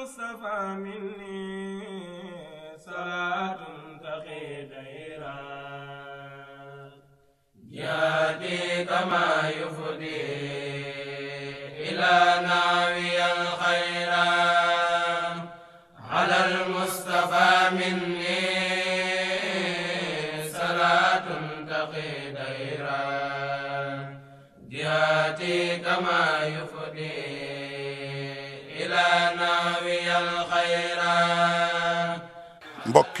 المصطفى مني صلاة تقي ديرا ياتي كما يفدي إلى ناوي الخير على المصطفى مني صلاة تقي ديرا ياتي كما يفدي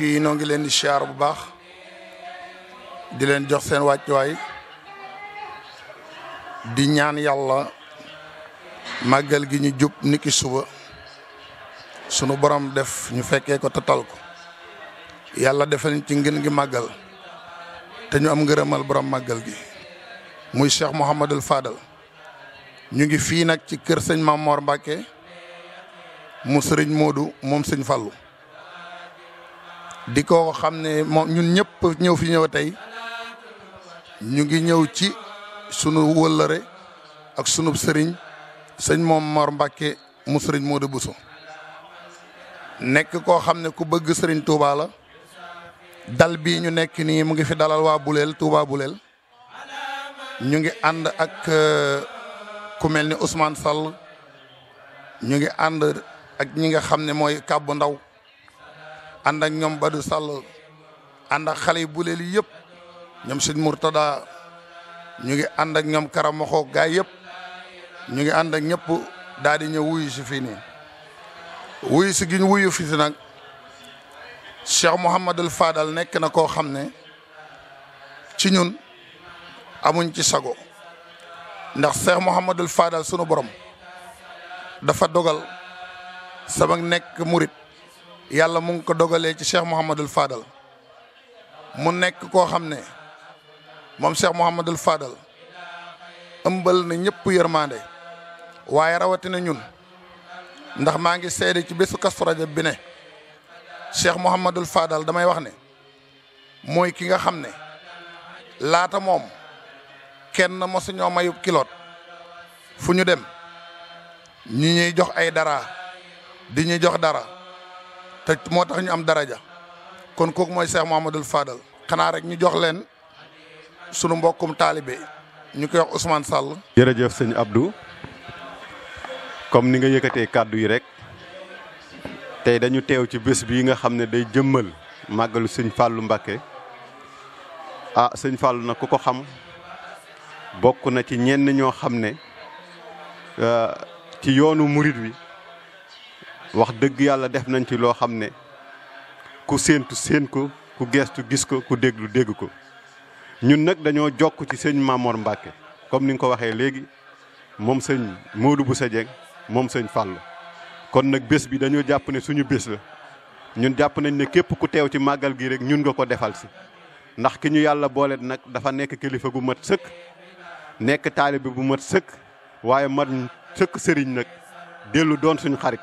mbokk yi noo ngi leen di siyaar bu baax di leen jox seen wàccuwaay di ñaan yàlla màggal gi ñu jub niki suba sunu borom def ñu fekkee ko tatal ko yàlla defal ñu ci ngën gi màggal te ñu am ngërëmal borom màggal gi muy Cheikh Mouhamadul Fadal ñu ngi fii nag ci kër sëñ Mamor Mbacke mu sëriñ Modou moom sëñ Fallou di ko xam ne moom ñun ñëpp ñëw fi ñëw tey ñu ngi ñëw ci sunu wëllëre ak sunu sëriñ sëñ moom Mor mbake mu sëriñ Modou Bousso nekk koo xam ne ku bëgg sëriñ Touba la dal bii ñu nekk nii mu ngi fi dalal waa Boulel Touba Boulel ñu ngi ànd ak euh, ku mel ni Ousmane Sall ñu ngi ànd ak ñi nga xam ne mooy kàbbu ndaw ànd ak ñoom badu Sall ànd ak xale yu buleel yi yëpp ñoom sëñ Mourtada ñu ngi ànd ak ñoom Karamoxo gaay yëpp ñu ngi ànd ak ñëpp daal di ñëw wuyu si fii nii wuyu si gi wuyu fii nag Cheikh Mouhamadul faadal nekk na koo xam ne ci ñun amuñ ci sago ndax Cheikh Mouhamadul faadal sunu borom dafa dogal sama nekk murit yàlla mu ngi ko dogalee ci cheikh Mouhamadul Fadal mu nekk koo xam ne moom cheikh Mouhamadul Fadal ëmbal na ñëpp yërmande waaye rawatina ñun ndax maa ngi seede ci bésu Kazu Rajab bi ne cheikh Mouhamadul Fadal damay wax ne mooy ki nga xam ne laata moom kenn mosu ñoo mayub kiloot fu ñu dem ñu ñuy jox ay dara di ñuy jox dara. te moo tax ñu am daraja kon kooku mooy ma Mouhamadul Fadal xanaa rek ñu jox leen sunu mbokkum taalibe ñu koy wax Ousmane Sall. jërëjëf sëñ abdu comme ni nga yëkkatee kàddu yi rek tey dañu teew ci bés bii nga xam ne day jëmmal màggalu sëñ Fallou Mbacké ah sëñ Fallou nag ku ko xam bokk na ci ñenn ñoo xam ne euh, ci yoonu murit wi. wax dëgg yàlla def nañ ci loo xam ne ku séentu séen ko ku geestu gis ko ku déglu dégg ko ñun nag dañoo jokk ci sëñ Mamor mbàkke comme ni nga ko waxee léegi moom sëñ Modou bu Dieng moom sëñ Fall. kon nag bés bi dañoo jàpp ne suñu bés la ñun jàpp nañ ne képp ku teew ci màggal gi rek ñun nga ko defal si ndax ki ñu yàlla boole nag dafa nekk kilifa gu mat sëkk nekk taalibe bu mat sëkk waaye mat sëkk sëriñ nag dellu doon suñu xarit.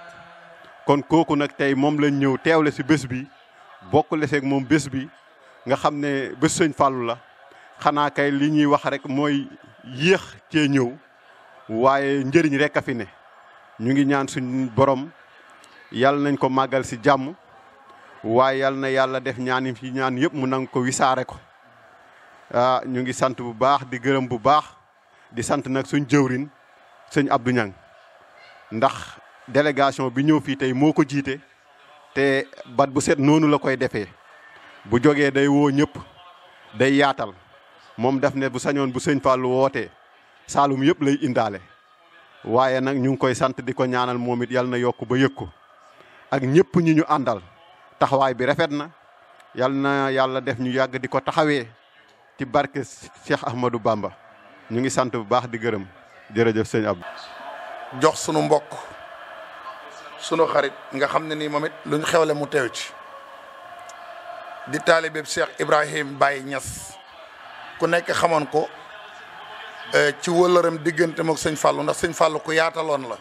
kon kooku nag tey moom lañ ñëw teewle si bés bi bokk leseeg moom bés bi nga xam ne bés sëñ Fallou la xanaa kay li ñuy wax rek mooy yéex cee ñëw waaye njëriñ rek a fi ne ñu ngi ñaan suñ borom yàlla nañ ko màggal si jàmm waaye yàlla na yàlla def ñaanim fi ñaan yëpp mu nang ko wisaare ko ah ñu ngi sant bu baax di gërëm bu baax di sant nag suñ jëwrin sëñ Abdou Niang ndax délégation bi ñëw fii tey moo ko jiite te bat bu set noonu la koy defee bu jógee day woo ñëpp day yaatal moom daf ne bu sañoon bu sëñ Fallou wootee Saalum yëpp lay indaale waaye nag ñu ngi koy sant di ko ñaanal moom it yal na yokk ba yëg ko ak ñëpp ñi ñu àndal taxawaay bi rafet na yal na yàlla def ñu yàgg di ko taxawee ci barke Cheikh Ahmadou Bamba ñu ngi sant bu baax di gërëm jërëjëf sëñ Abdou jox sunu mbokk sunu xarit nga xam ne nii moom it luñ xewle mu teew ci di taalibeeb Cheikh Ibrahim Baye ñas ku nekk xamoon ko eh, ci wëllëram diggante mook sëñ Fallou ndax sëñ Fallou ku yaataloon la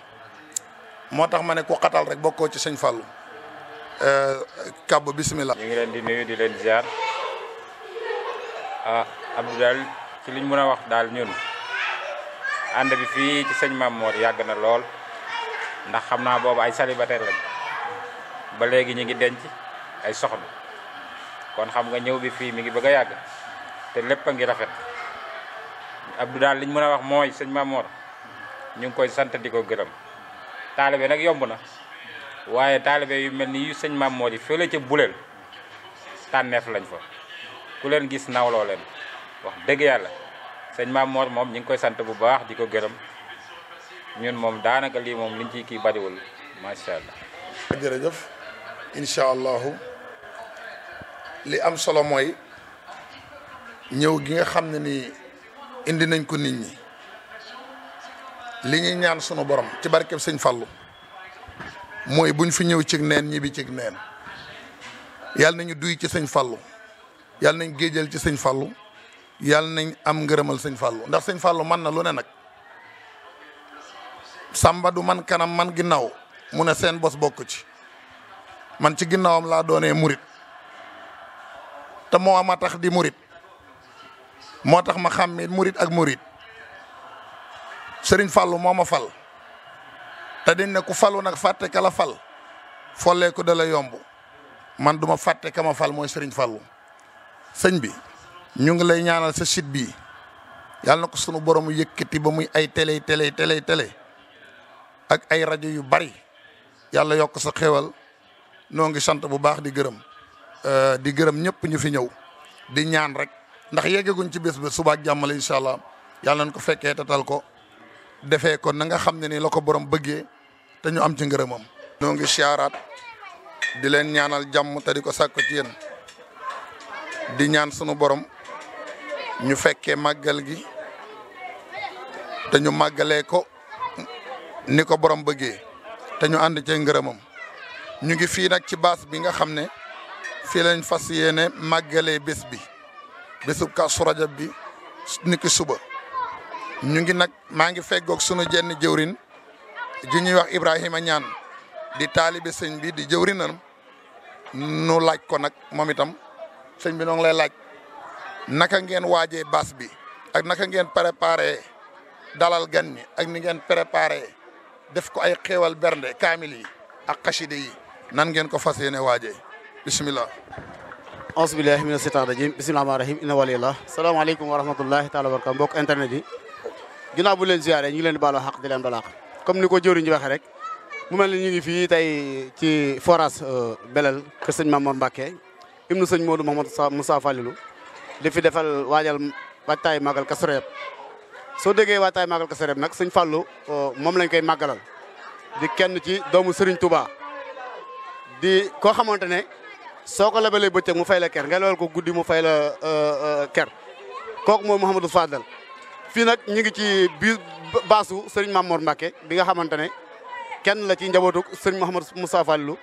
moo tax ma ne ku xatal rek bokkoo ci sëñ Fallou eh, kàbb bismillah ñu ngi leen di nuyu di leen ziar ah Abdou daal ci liñ mën a wax daal ñun ànd bi fii ci sëñ Mamour yàgg na lool ndax xam naa boobu ay célibataire lañ ba léegi ñu ngi denc ay soxna kon xam nga ñëw bi fii mi ngi bëgg yàgg te lépp a ngi rafet Abdou daal li mën a wax mooy sëñ Mamour ñu ngi koy sant di ko gërëm taalibe nag yomb na waaye taalibe yu mel ni yu sëñ Mamour yi fële ca buleel tànneef lañ fa ku leen gis nawloo leen wax dëgg yàlla sëñ moor moom ñu ngi koy sant bu baax di ko gërëm ñun moom daanaka lii moom liñ ciy kii bariwul macha allah. jërëjëf incha allahu li am solo mooy ñëw gi nga xam ne nii indi nañ ko nit ñi li ñuy ñaan sunu borom ci barkeb sëñ Fallou mooy buñ fi ñëw cig neen ñibbi cig neen yàlla nañu duy ci sëñ fallu yàlla nañ géejël ci sëñ Fallou yàlla nañ am ngërëmal sëñ Fallou ndax sëñ Fallou man na lu ne nag. samba du man kanam man ginnaaw mu ne seen bos bokk ci man ci ginnaawam laa doonee murit te moo ma tax di murit moo tax ma xam ni murit ak murit sëriñ fàllu moo ma fal te dañ ne ku falu nag fàtte ka la fal follee ko da la yomb man duma fàtte ka ma fal mooy sëriñ fàllu sëñ bi ñu ngi lay ñaanal sa site bi yàlla na ko sunu borom yëkkati ba muy ay télé télé télé télé ak ay rajo yu bari yàlla yokk sa xéwal noo ngi sant bu baax di gërëm euh, di gërëm ñëpp ñu fi ñëw di ñaan rek ndax yeggaguñ ci bés ba suba ak jàmm la incha allah yàlla nañ ko fekkee tal ko defee ko na nga xam ne ni la ko borom bëggee te ñu am ci ngërëmam. noo ngi siyaaraat di leen ñaanal jàmm te di ko sàkk ci yéen di ñaan sunu borom ñu fekkee màggal gi te ñu màggalee ko. ni ko borom bëggee te ñu ànd cee ngërëmam ñu ngi fii nag ci baas bi nga xam ne fii lañ fas yéene màggalee bés bi bésub Kazu Rajab bi ni ki suba ñu ngi nag maa ngi feggoog sunu jenn jëwrin ji ñuy wax Ibrahima ñaan di taalibe sëñ bi di jëwrinam nu laaj ko nag moom itam sëñ bi noo lay laaj naka ngeen waajee baas bi ak naka ngeen préparé dalal gan ñi ak ni ngeen préparé def ko ay xeewal bernde kaamil yi ak xaside yi nan ngeen ko fas yéene waaje bismillah aousubillahi mina seytaan rajim bismilah rahmaan rahim inna walillah salaamaaleykum wa rahmatullahi taala wa barakatu mbokk internet yi ginnaaw bu leen ziyaare ñu ngi leen di baaloo xaq di leen balaax comme ni ko jëwriñ ji waxee rek mu mel ni ngi fii tey ci forage euh, Belel kër sëñ Mamour Mbacke ibnu sëñ Modou Mamadou Moussa Fallilou di fi defal waajal waajtaay magal Kazu soo déggee waataay màggal Kazu Rajab nag sëñ Fallou euh, moom lañ koy màggalal di kenn ci doomu Serigne Touba di koo xamante ne soo ko labalee bëccëg mu fay la ker nga lebal ko guddi mu fay la euh, euh, ker kooku mooy Mouhamadou Fadal fii nag ñu ngi ci biir baasu Serigne Mamour Mbacke bi nga xamante ne kenn la ci njabootu Serigne Mouhamadou Moussa Fallou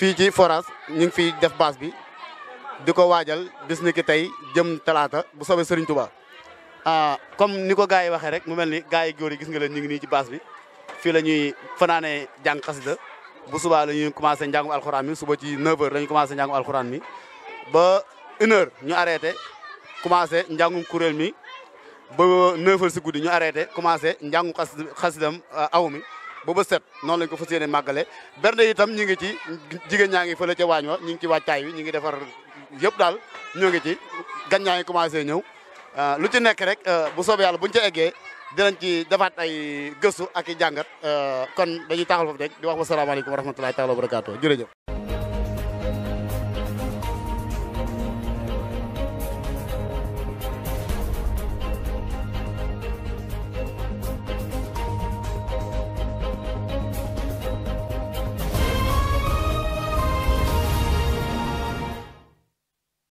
fii ci forage ñu ngi fiy def baas bi di ko waajal bis tey jëm talaata bu soobee Serigne Touba Ah, comme ni ko gars yi waxee rek mu mel ni gars yi góor yi gis nga leen ñu nii ci base bi fii la ñuy fanaanee jàng xasida bu subaa la ñuy commencé njàngum alxuraan mi suba ci 9h la ñuy commencé alxuraan mi ba une ñu arrêté commencé njàngum kuréel mi ba 9 si guddi ñu arrêté commencé njàngum xas xasidam ah, aw mi ba ba set noonu lañ ko fas yéene màggale bernde itam ñu ngi ci jigéen ñaa ngi fële ca waañ wa ñu ngi ci wàccaay wi ñu ngi defar yëpp daal ñoo ngi ci gan ñaa ngi commencé ñëw Euh, lu ci nekk rek euh, bu soobee bu buñu ca eggee dinañ ci defaat ay gëstu ak i jàngat euh, kon dañuy taxal foofu rek di wax wasalaamaaleykum wa rahmatulahi taala wa barakaatu jërëjëf